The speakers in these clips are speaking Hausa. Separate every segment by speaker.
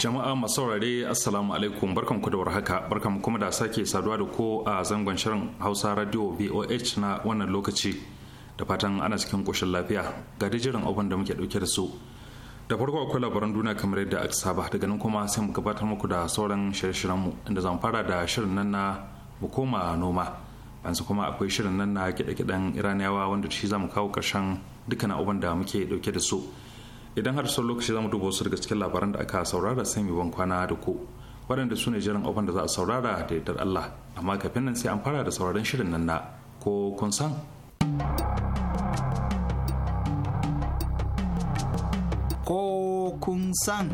Speaker 1: jama'a masu saurare assalamu alaikum barkan ku da warhaka barkan kuma da sake saduwa da ko a zangon shirin hausa radio voh na wannan lokaci da fatan ana cikin koshin lafiya ga jiran abin da muke dauke da su da farko akwai labaran duniya kamar yadda aka saba daga nan kuma sai mu gabatar muku da sauran shirye-shiryen mu inda zan fara da shirin nan na mu koma noma yanzu kuma akwai shirin nan na kiɗe-kiɗen iraniyawa wanda shi za mu kawo ƙarshen dukkan abin da muke dauke da su idan har sau lokaci za mu duba wasu daga cikin labaran da aka saurara sai mu ban kwana da ku waɗanda su ne jiran abin da za a saurara da yardar Allah amma kafin nan sai an fara da sauraron shirin nan na ko kun san
Speaker 2: ko kun san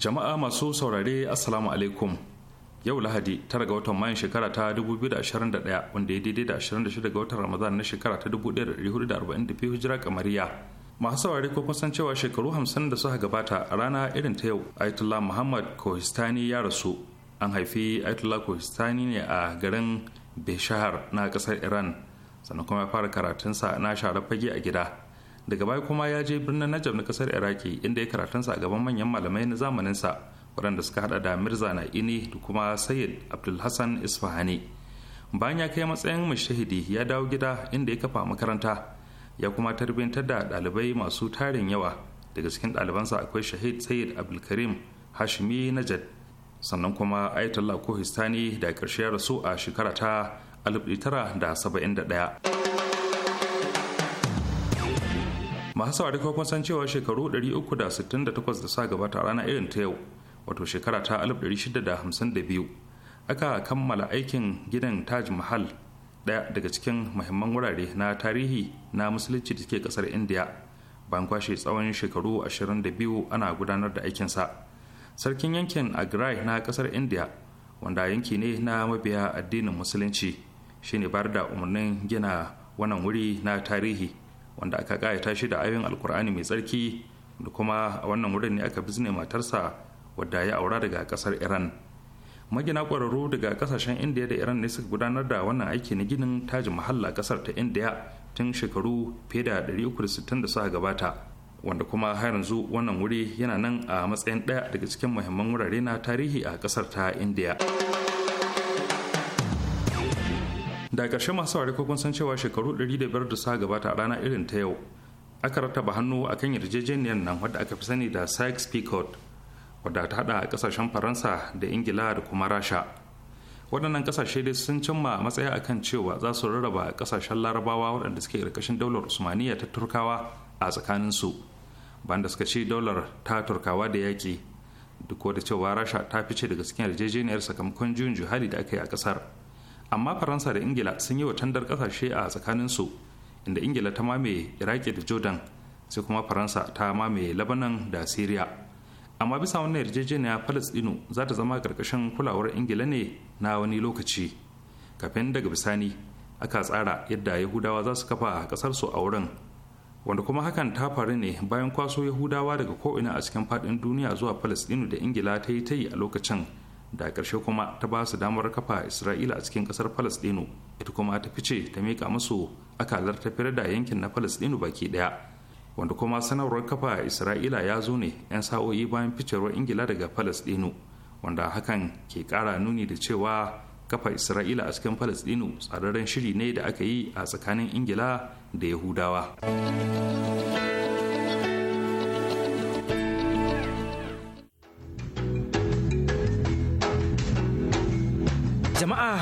Speaker 1: jama'a masu saurare assalamu alaikum yau lahadi ta ga watan mayun shekara ta 2021 wanda ya daidai da 26 ga watan ramadan na shekara ta 1442 hijira kamariya masu saurari ko kusan cewa shekaru 50 da suka gabata a rana irin ta yau aitula muhammad kohistani ya rasu an haifi aitula kohistani ne a garin beshahar na kasar iran sannan kuma ya fara karatunsa na share fage a gida daga baya kuma ya je birnin najab na kasar iraki inda ya karatunsa a gaban manyan malamai na zamaninsa waɗanda suka hada da mirza na'ini da kuma sayyid abdulhassan isfahani bayan ya kai matsayin mashahidi ya dawo gida inda ya kafa makaranta ya kuma tarbintar da ɗalibai masu tarin yawa daga cikin ɗalibansa akwai shahid sayyid abdulkarim hashimi najad sannan kuma ayatollah kohistani da ƙarshe ya rasu a shekara ta 1971 masu saurari kun san cewa shekaru 368 da sa gabata a ranar irin ta yau wato shekara ta 1652 aka kammala aikin gidan taj mahal daya daga cikin muhimman wurare na tarihi na musulunci da ke kasar india bayan kwashe tsawon shekaru 22 ana gudanar da aikinsa sarkin yankin agrai na kasar india wanda yanki ne na mabiya addinin musulunci shine bayar da umarnin gina wannan wuri na tarihi wanda aka kayata shi da ayoyin alkur'ani mai tsarki da kuma a wannan wurin ne aka bizne matarsa wadda ya aura daga kasar iran magina kwararru daga kasashen indiya da iran ne suka gudanar da wannan aiki na ginin tajin a kasar ta indiya tun shekaru fiye da 360 da suka gabata wanda kuma har yanzu wannan wuri yana nan a matsayin ɗaya daga cikin muhimman wurare na tarihi a kasar ta indiya da ƙarshe masu ware kun san cewa shekaru 105 da suka gabata a rana irin ta yau aka rattaba hannu akan yarjejeniyar nan wadda aka fi sani da sykes picot wadda ta hada kasashen faransa da ingila da kuma rasha waɗannan kasashe dai sun cimma matsaya akan cewa za su rarraba kasashen larabawa waɗanda suke ƙarƙashin daular usmaniya ta turkawa a tsakaninsu banda suka ce daular ta turkawa da yaƙi duk da cewa rasha ta fice daga cikin yarjejeniyar sakamakon juyin juhali da aka yi a ƙasar amma faransa da ingila sun yi wa tandar ƙasashe a tsakaninsu inda ingila ta mamaye iraki da jordan sai kuma faransa ta mamaye labanan da syria amma bisa wannan yarjejeniya palestino za ta zama karkashin kulawar ingila ne na wani lokaci kafin daga bisani aka tsara yadda yahudawa za su kafa kasarsu a wurin wanda kuma hakan ta faru ne bayan kwaso yahudawa daga ko'ina a cikin faɗin duniya zuwa palestino da ingila ta yi ta yi a lokacin da ƙarshe kuma ta ba su damar kafa isra'ila a cikin ƙasar palestino ita kuma ta fice ta miƙa musu akalar tafiyar da yankin na palestino baki ɗaya wanda kuma sanarwar kafa isra'ila ya zo ne 'yan sa'o'i bayan ficewar ingila daga palestino wanda hakan ke kara nuni da cewa kafa isra'ila a cikin palestino tsararren shiri ne da aka yi a tsakanin ingila da yahudawa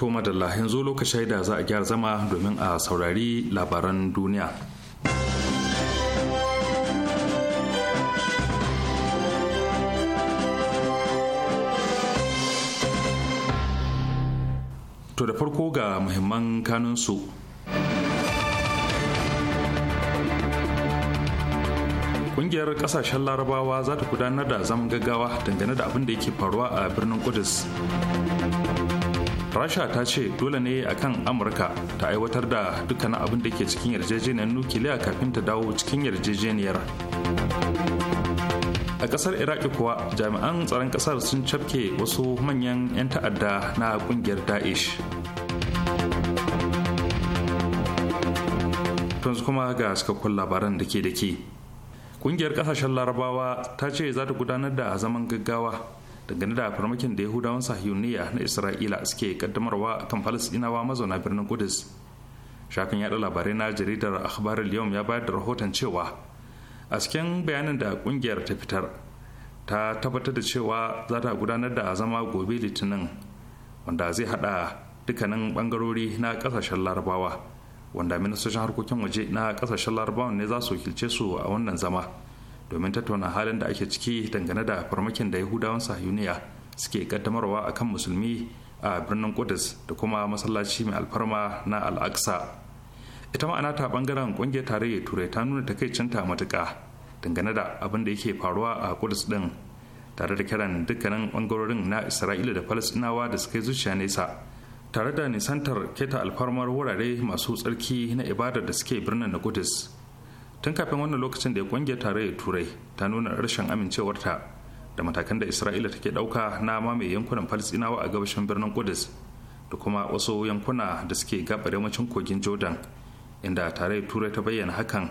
Speaker 1: To madalla yanzu lokacin da za a gyara zama domin a saurari labaran duniya. To da farko ga muhimman kanunsu. Ƙungiyar ƙasashen larabawa za ta gudanar da zaman gaggawa dangane da abin da yake faruwa a birnin Kudus. rasha ta ce dole ne a kan amurka ta aiwatar da dukkanin abin da ke cikin yarjejeniyar nukiliya kafin ta dawo cikin yarjejeniyar a kasar iraki kuwa jami'an tsaron kasar sun cafke wasu manyan 'yan ta'adda na kungiyar daesh yanzu kuma ga cikakkun labaran da ke da ke kungiyar kasashen larabawa ta ce za ta gudanar da zaman gaggawa dangane da farmakin da yahudawan sahiyuniya na isra'ila suke kaddamarwa kan falasɗinawa mazauna birnin kudus shafin yada labarai na jaridar akhbar al ya bayar da rahoton cewa a cikin bayanin da kungiyar ta fitar ta tabbatar da cewa za ta gudanar da zama gobe litinin wanda zai hada dukkanin bangarori na kasashen larabawa wanda ministocin harkokin waje na kasashen larabawan ne za su kilce su a wannan zama domin tattauna halin da ake ciki dangane da farmakin da yahudawan sahiyuniya suke kaddamarwa kan musulmi a birnin kudus da kuma masallaci mai alfarma na al'aqsa ita ma'ana ta bangaren kungiyar tarayyar turai ta nuna takaicinta matuka dangane da abin da yake faruwa a kudus din tare da kiran dukkanin bangarorin na isra'ila da falasinawa da suka yi zuciya nesa tare da nisantar keta alfarmar wurare masu tsarki na ibadar da suke birnin na kudus tun kafin wannan lokacin da kungiyar tarayyar turai ta nuna rashin amincewarta da matakan da isra'ila take dauka na mamaye yankunan falisinawa a gabashin birnin kudus da kuma wasu yankuna da suke gabar yammacin kogin jordan inda tarayyar turai ta bayyana hakan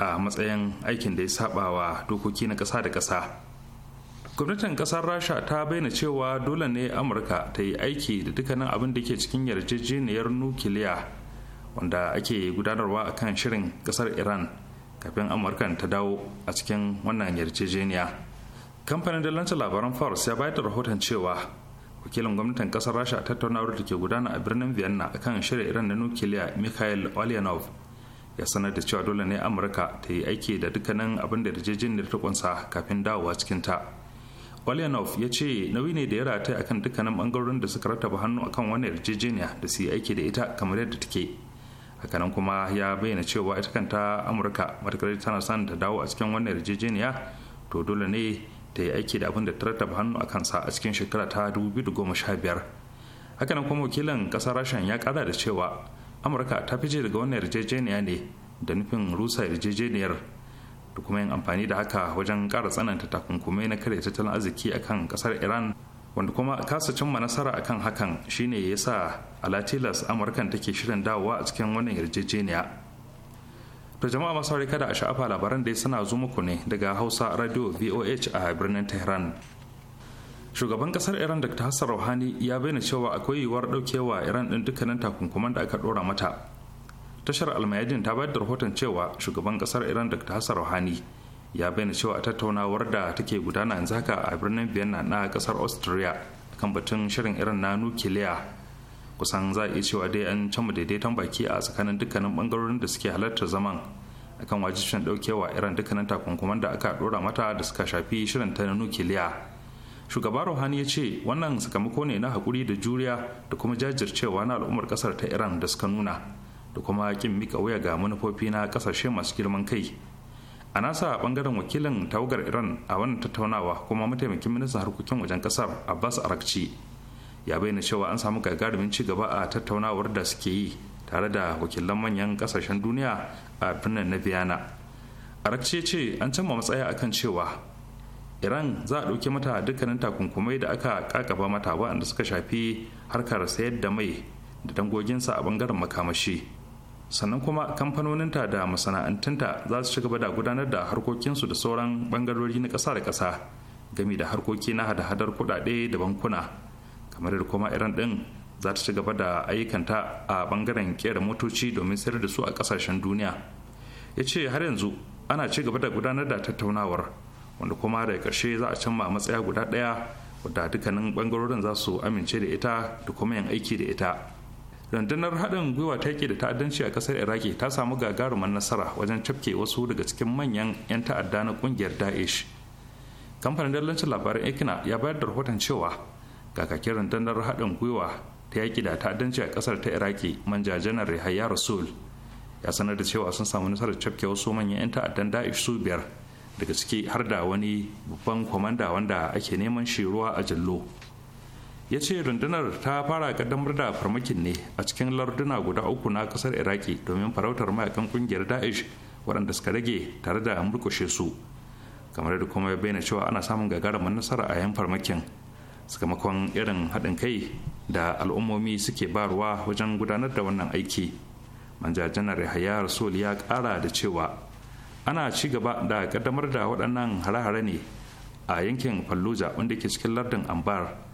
Speaker 1: a matsayin aikin da ya saba wa dokoki na ƙasa da ƙasa gwamnatin ƙasar rasha ta bayyana cewa dole ne amurka ta yi aiki da dukkanin abin da ke cikin yarjejeniyar nukiliya wanda ake gudanarwa a kan shirin ƙasar iran kafin amurkan ta dawo a cikin wannan yarjejeniya kamfanin dalancin labaran fars ya bayar da rahoton cewa wakilin gwamnatin kasar rasha a tattaunawar da ke gudana a birnin vienna akan shirya iran na nukiliya mikhail olyanov ya sanar da cewa dole ne amurka ta yi aiki da dukkanin abin da yarjejeniyar ta kunsa kafin dawowa cikin ta olyanov ya ce nauyi ne da ya rataya akan dukkanin bangarorin da suka rattaba hannu akan wani yarjejeniya da su yi aiki da ita kamar yadda take hakanan kuma ya bayyana cewa ita kanta amurka matakar tana son ta dawo a cikin wannan yarjejeniya to dole ne ta yi aiki da abin da ta hannu a kansa a cikin shekara ta 2015 hakanan kuma wakilin kasar rashin ya kara da cewa amurka ta fice daga wannan yarjejeniya ne da nufin rusa yarjejeniyar da kuma yin amfani da haka wajen kara tsananta takunkumai na karya tattalin arziki akan kasar iran wanda kuma kasa cimma nasara akan hakan shine ya sa alatilas amurkan take shirin dawowa a cikin wannan yarjejeniya to jama'a masu kada a sha'afa labaran dai suna zo muku ne daga hausa radio voh a birnin tehran shugaban kasar iran dr hassan rouhani ya bayyana cewa akwai yiwuwar daukewa iran din dukkanin takunkuman da aka ɗora mata tashar almayadin ta bayar da rahoton cewa shugaban kasar iran dr hassan rouhani ya bayyana cewa a tattaunawar da take gudana yanzu haka a birnin vienna na kasar austria kan batun shirin irin na nukiliya kusan za a iya cewa dai an canma daidaiton baki a tsakanin dukkanin bangarorin da suke halarta zaman akan wajibcin daukewa irin dukkanin takunkuman da aka dora mata da suka shafi shirin ta nukiliya shugaba rohani ya ce wannan sakamako ne na hakuri da juriya da kuma jajircewa na al'ummar kasar ta iran da suka nuna da kuma kin mika wuya ga manufofi na kasashe masu girman kai a nasa bangaren wakilin tawagar iran a wannan tattaunawa kuma mataimakin ministan harkokin wajen kasar abbas arakci ya bayyana cewa an samu gagarumin ci gaba a tattaunawar da suke yi tare da wakilan manyan kasashen duniya a birnin na biyana arakci ya ce an cimma matsaya akan cewa iran za a ɗauki mata dukkanin takunkumai da aka kakaba mata waɗanda suka shafi harkar sayar da mai da dangoginsa a bangaren makamashi sannan kuma kamfanoninta da masana'antunta za su ci gaba da gudanar da harkokinsu da sauran bangarori na ƙasa da ƙasa gami da harkoki na hada-hadar kuɗaɗe da bankuna kamar da kuma iran ɗin za ta ci gaba da ayyukanta a ɓangaren ƙera motoci domin sayar da su a ƙasashen duniya ya ce har yanzu ana ci gaba da gudanar da tattaunawar wanda kuma da ƙarshe za a cimma matsaya guda ɗaya wadda dukkanin bangarorin za su amince da ita da kuma yin aiki da ita rundunar haɗin gwiwa ta da ta'addanci a ƙasar iraki ta samu gagarumar nasara wajen cafke wasu daga cikin manyan 'yan ta'adda na ƙungiyar daesh kamfanin dallancin labaran ikina ya bayar da rahoton cewa kakakin rundunar haɗin gwiwa ta yaƙi da ta'addanci a ƙasar ta iraki manja janar yahaya rasul ya sanar da cewa sun samu nasarar cafke wasu manyan 'yan ta'addan daesh su biyar daga ciki har da wani babban kwamanda wanda ake neman shi ruwa a jallo ya ce rundunar ta fara kaddamar da farmakin ne a cikin larduna guda uku na kasar iraki domin farautar mayakan kungiyar da'ish waɗanda suka rage tare da murkushe su kamar da kuma ya bayyana cewa ana samun gagarumin nasara a yan farmakin sakamakon irin haɗin kai da al'ummomi suke barwa wajen gudanar da wannan aiki manjajanar yahaya rasul ya ƙara da cewa ana ci gaba da kaddamar da waɗannan hare-hare ne a yankin fallujah wanda ke cikin lardin ambar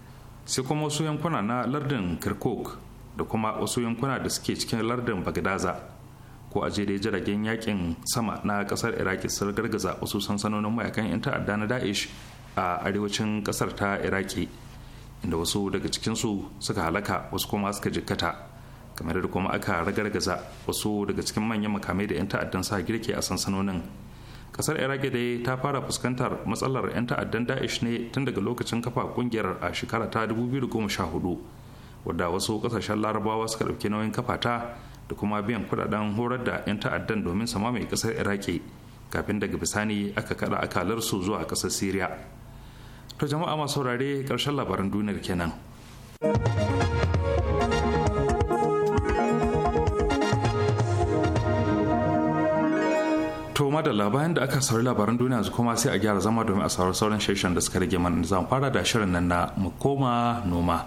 Speaker 1: sai kuma wasu yankuna na lardin kirkuk da kuma wasu yankuna da suke cikin lardin bagdaza ko a daidai jiragen yakin sama na kasar iraki sun gargaza wasu sansanonin mayakan 'yan ta'adda na da'ish a arewacin kasar ta iraki inda wasu daga cikinsu suka halaka wasu kuma suka jikkata kamar da kuma aka ragargaza wasu daga cikin manyan makamai da 'yan ta'addan sa girke a sansanonin kasar iraki dai ta fara fuskantar matsalar 'yan ta'addan da'ish ne tun daga lokacin kafa kungiyar a shekara ta 2014 wadda wasu kasashen larabawa suka ɗauki nauyin kafa ta da kuma biyan kudaden horar da 'yan ta'addan domin sama mai kasar iraki kafin daga bisani aka kada su zuwa kasar syria to jama'a masu saurare karshen labaran duniyar kenan To madalla bayan da aka sauri labaran duniya yanzu kuma sai a gyara zama domin a sauran sauran shirin da suka rage mana zan fara da shirin nan na mu koma noma.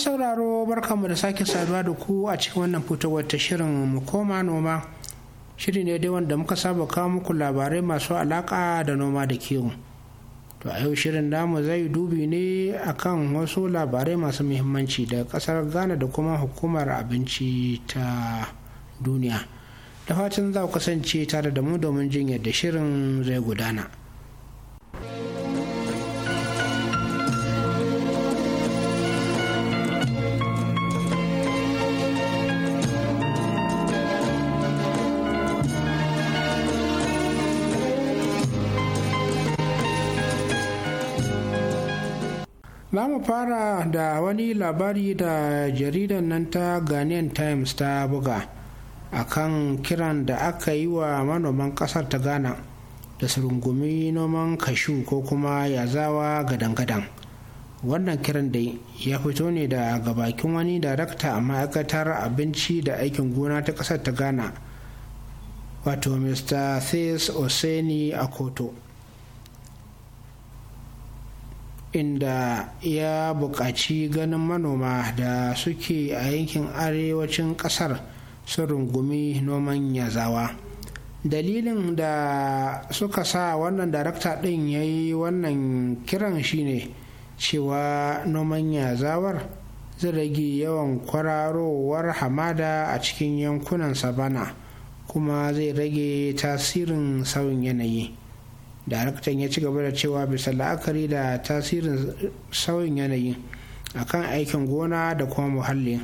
Speaker 3: masu sauraro barkanmu da sake saduwa da ku a cikin wannan fitowar ta shirin mu koma noma shiri ne dai wanda muka saba kawo muku labarai masu alaka da noma da kiwo to a yau shirin namu zai dubi ne akan wasu labarai masu muhimmanci daga kasar ghana da kuma hukumar abinci ta duniya da fatan za ku kasance tare da mu domin jin yadda shirin zai gudana. za mu fara da wani labari da jaridar nan ta ghanaian times ta buga a kan kiran da aka yi wa manoman kasar ta ghana da su rungumi noman kashu ko kuma yazawa gadan-gadan wannan kiran da ya fito ne da bakin wani darakta a ma'aikatar abinci da aikin gona ta kasar ta ghana wato mr Thais oseni akoto inda ya buƙaci ganin manoma da suke a yankin arewacin ƙasar sun rungumi noman yazawa dalilin da suka sa wannan darakta ɗin ya yi wannan kiran shine cewa noman yazawar zai rage yawan kwararowar hamada a cikin yankunan sabana kuma zai rage tasirin sauyin yanayi daraktan ya ci gaba da cewa bisa la'akari da tasirin sauyin yanayi akan aikin gona da kuma muhalli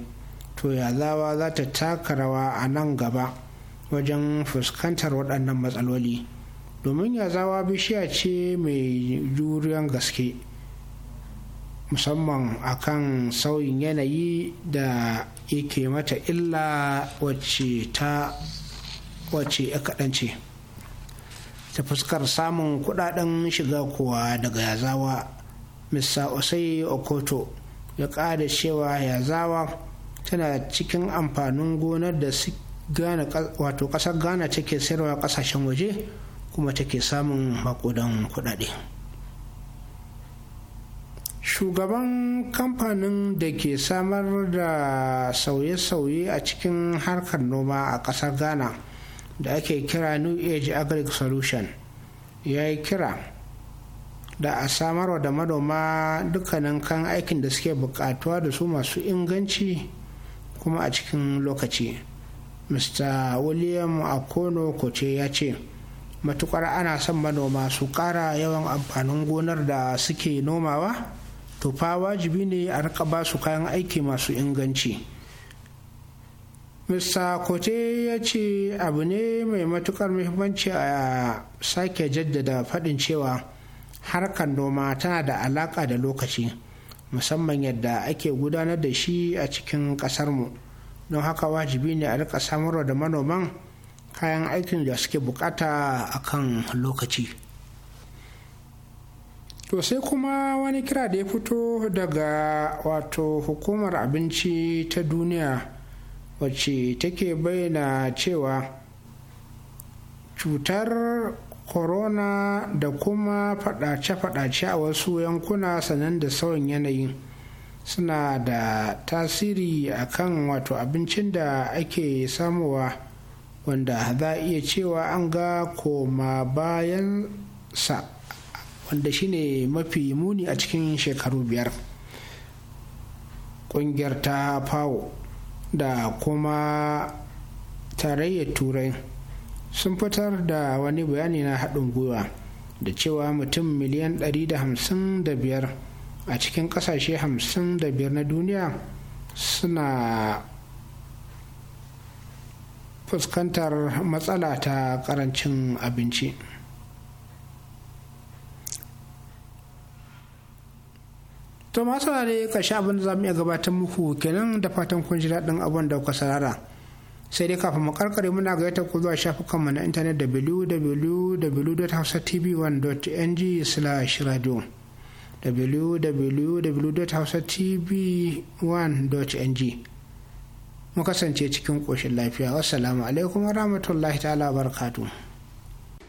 Speaker 3: to yazawa za ta taka rawa a nan gaba wajen fuskantar waɗannan matsaloli domin yazawa bishiya ce mai juriyan gaske musamman akan sauyin yanayi da yake mata illa wacce ta wacce ya kaɗance. ta fuskar samun kudaden shiga kuwa daga yazawa Mr. osai okoto ya ƙara cewa yazawa tana cikin amfanin gonar da wato ƙasar ghana take sayarwa ƙasashen waje kuma take samun makudan kudade shugaban kamfanin da ke samar da sauye-sauye a cikin harkar noma a ƙasar ghana da ake kira new age agric solution ya yi kira da a samarwa da manoma dukkanin kan aikin da suke bukatuwa da su masu inganci kuma a cikin lokaci mr william akono koce ya ce matukar ana son manoma su kara yawan amfanin gonar da suke nomawa to fa wajibi ne a rika ba su kayan aiki masu inganci mr kote ya ce abu ne mai matukar muhimmanci a sake jaddada faɗin cewa harkar noma tana da alaƙa da lokaci musamman yadda ake gudanar da shi a cikin ƙasarmu don haka wajibi ne a rika samarwa da manoman kayan aikin da suke bukata a kan lokaci to sai kuma wani kira da ya fito daga wato hukumar abinci ta duniya wacce take bayyana cewa cutar corona da kuma fadace-fadace a wasu yankuna sanan da sauyin yanayi suna da tasiri a kan wato abincin da ake samuwa wanda za a iya cewa an ga koma bayan sa wanda shine mafi muni a cikin shekaru biyar ƙungiyar ta fawo da kuma tarayyar turai sun fitar da wani bayani na haɗin gwiwa da cewa mutum miliyan 155 a cikin ƙasashe 55 na duniya suna fuskantar matsala ta ƙarancin abinci. to masu ka ƙarshe abin da za mu iya gabatar muku kenan da fatan kun ji daɗin abin da kuka sarara sai dai kafin mu karkare muna gayyata ku zuwa shafukanmu na intanet www.hausatv1.ng/radio www.hausatv1.ng mu kasance cikin koshin lafiya wassalamu alaikum wa rahmatullahi ta'ala barkatu.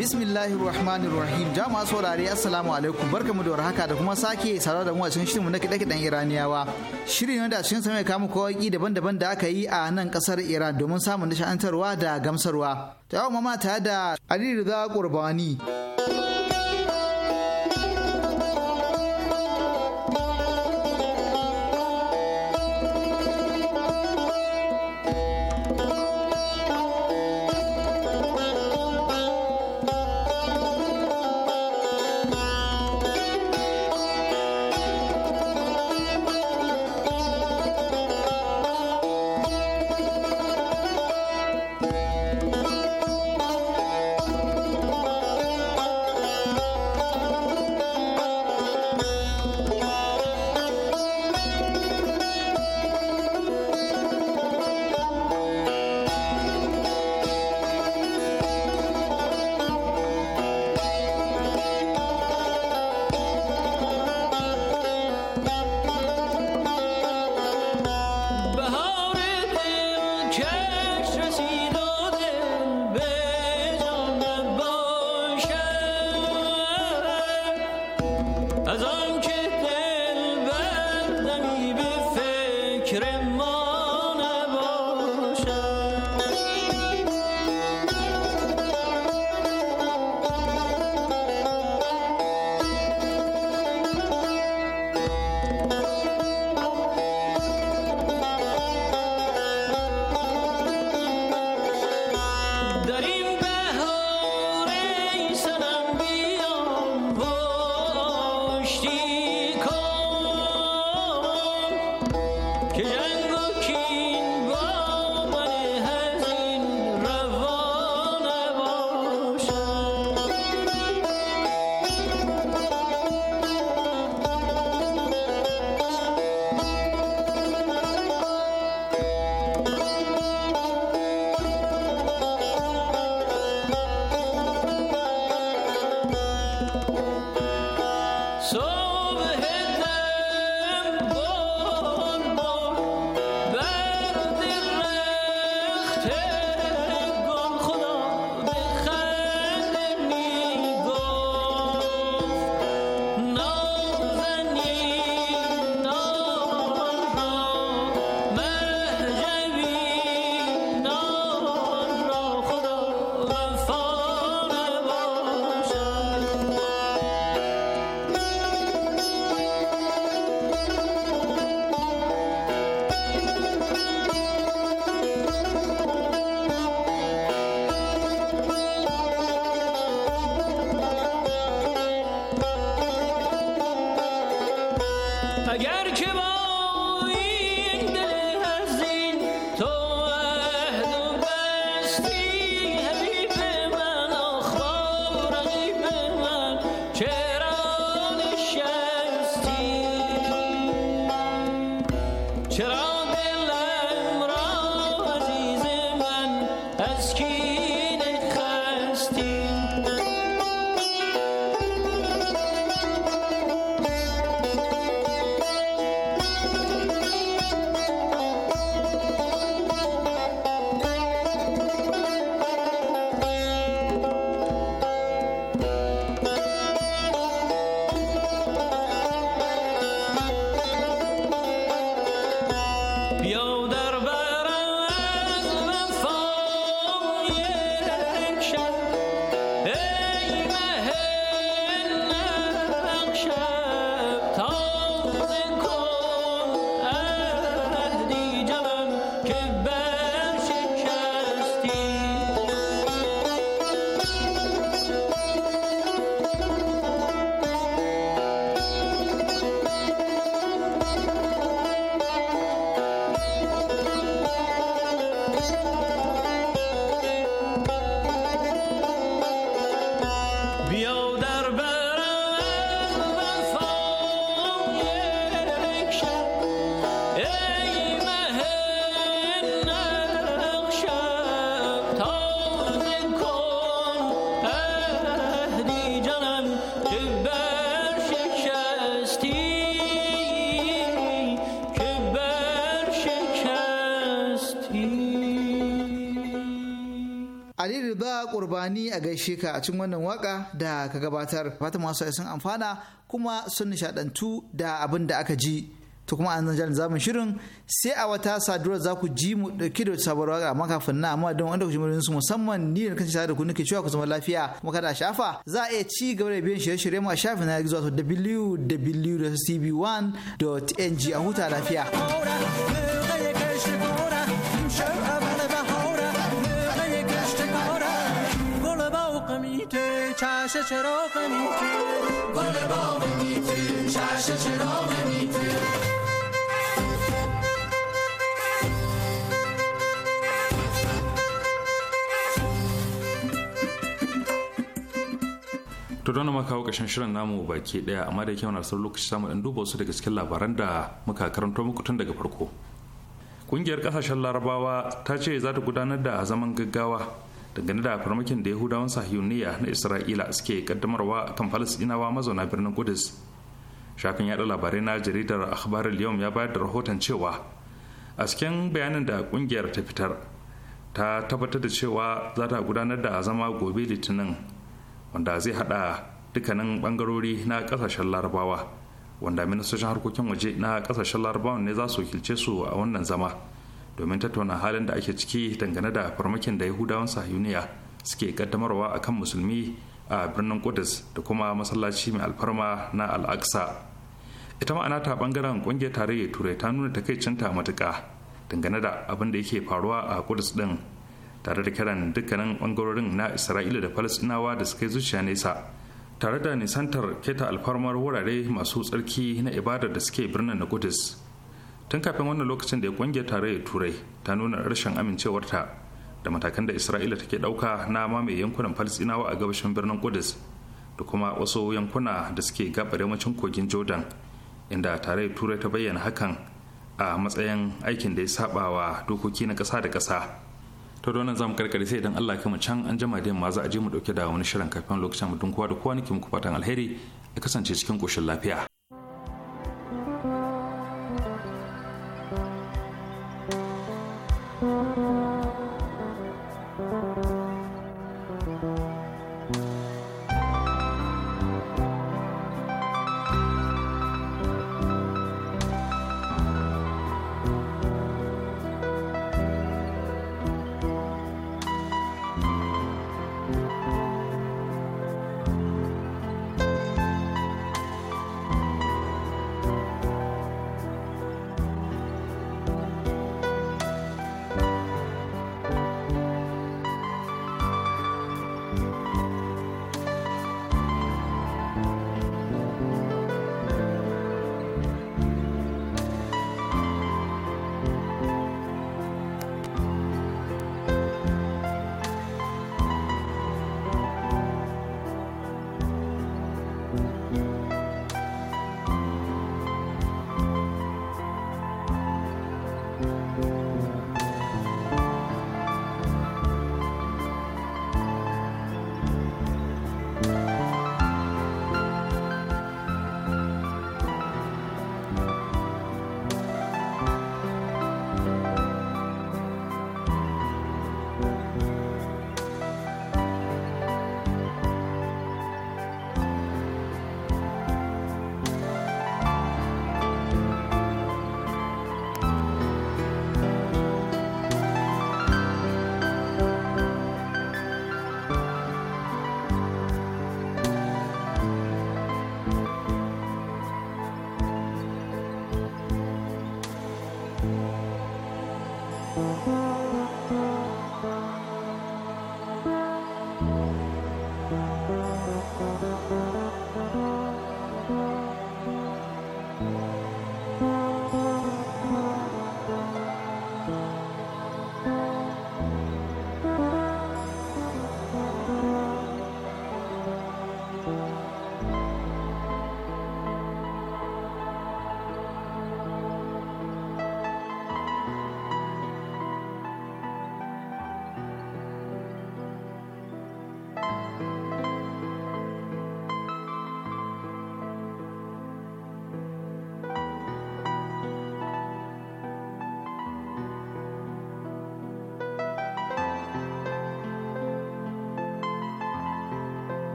Speaker 2: bismillahirrahmanirrahim rahmanir rahim jama'a saurare assalamu alaikum barkamu da warhaka da kuma sake saurara da mu a cikin shirinmu na kiɗe-kiɗen iraniyawa shirin wanda a cikin sa mai kamu kawaki daban-daban da aka yi a nan kasar iran domin samun nishantarwa da gamsarwa ta yawon mama tare da aliyu da Rubani a gaishe ka a cikin wannan waka da ka gabatar. Fata masu sun amfana kuma sun nishadantu da abin da aka ji. To kuma an zanjar zamun shirin sai a wata saduwar za ku ji mu dauki da sabuwar waka amma kafin na amma don wanda ku ji su musamman ni da kanci da ku nake cewa ku zama lafiya kuma kada shafa za a iya ci gaba da biyan shirye-shirye mu a shafin na gizo wato www.cb1.ng a huta lafiya.
Speaker 4: چش چراغ
Speaker 5: میتری گل باغ میتری چش چراغ میتری
Speaker 1: to na kawo ƙashin shirin namu baki ɗaya amma da yake wani sauran lokaci samu ɗan duba wasu daga cikin labaran da muka karanto muku tun daga farko ƙungiyar ƙasashen larabawa ta ce za ta gudanar da zaman gaggawa dangane da farmakin da yahudawan sahiyuniya na isra'ila suke kaddamarwa kan falasdinawa mazauna birnin kudus shafin yada labarai na jaridar akhbar yau ya bayar da rahoton cewa a cikin bayanin da kungiyar ta fitar ta tabbatar da cewa za ta gudanar da zama gobe litinin wanda zai hada dukkanin bangarori na kasashen larabawa wanda ministocin harkokin waje na kasashen larabawan ne za su wakilce su a wannan zama domin tattauna halin da ake ciki dangane da farmakin da yahudawan sahiyuniya suke kaddamarwa kan musulmi a birnin kudus da kuma masallaci mai alfarma na al'aqsa ita ma'ana ta bangaren kungiyar tarayyar turai ta nuna takaicinta matuka dangane da abin da yake faruwa a kudus din tare da kiran dukkanin bangarorin na isra'ila da falastinawa da suka yi zuciya nesa tare da nisantar keta alfarmar wurare masu tsarki na ibadar da suke birnin na kudus tun kafin wannan lokacin da ya kungiyar tarayyar turai ta nuna rashin amincewarta da matakan da isra'ila take dauka na mamaye yankunan Falisinawa a gabashin birnin kudus da kuma wasu yankuna da suke gabar yammacin kogin jordan inda tarayyar turai ta bayyana hakan a matsayin aikin da ya saba wa dokoki na kasa da Ta to donan zamu karkare sai idan Allah mu can an jama da yamma za a je mu dauke da wani shirin kafin lokacin mu kowa da kowa nake muku fatan alheri ya kasance cikin koshin lafiya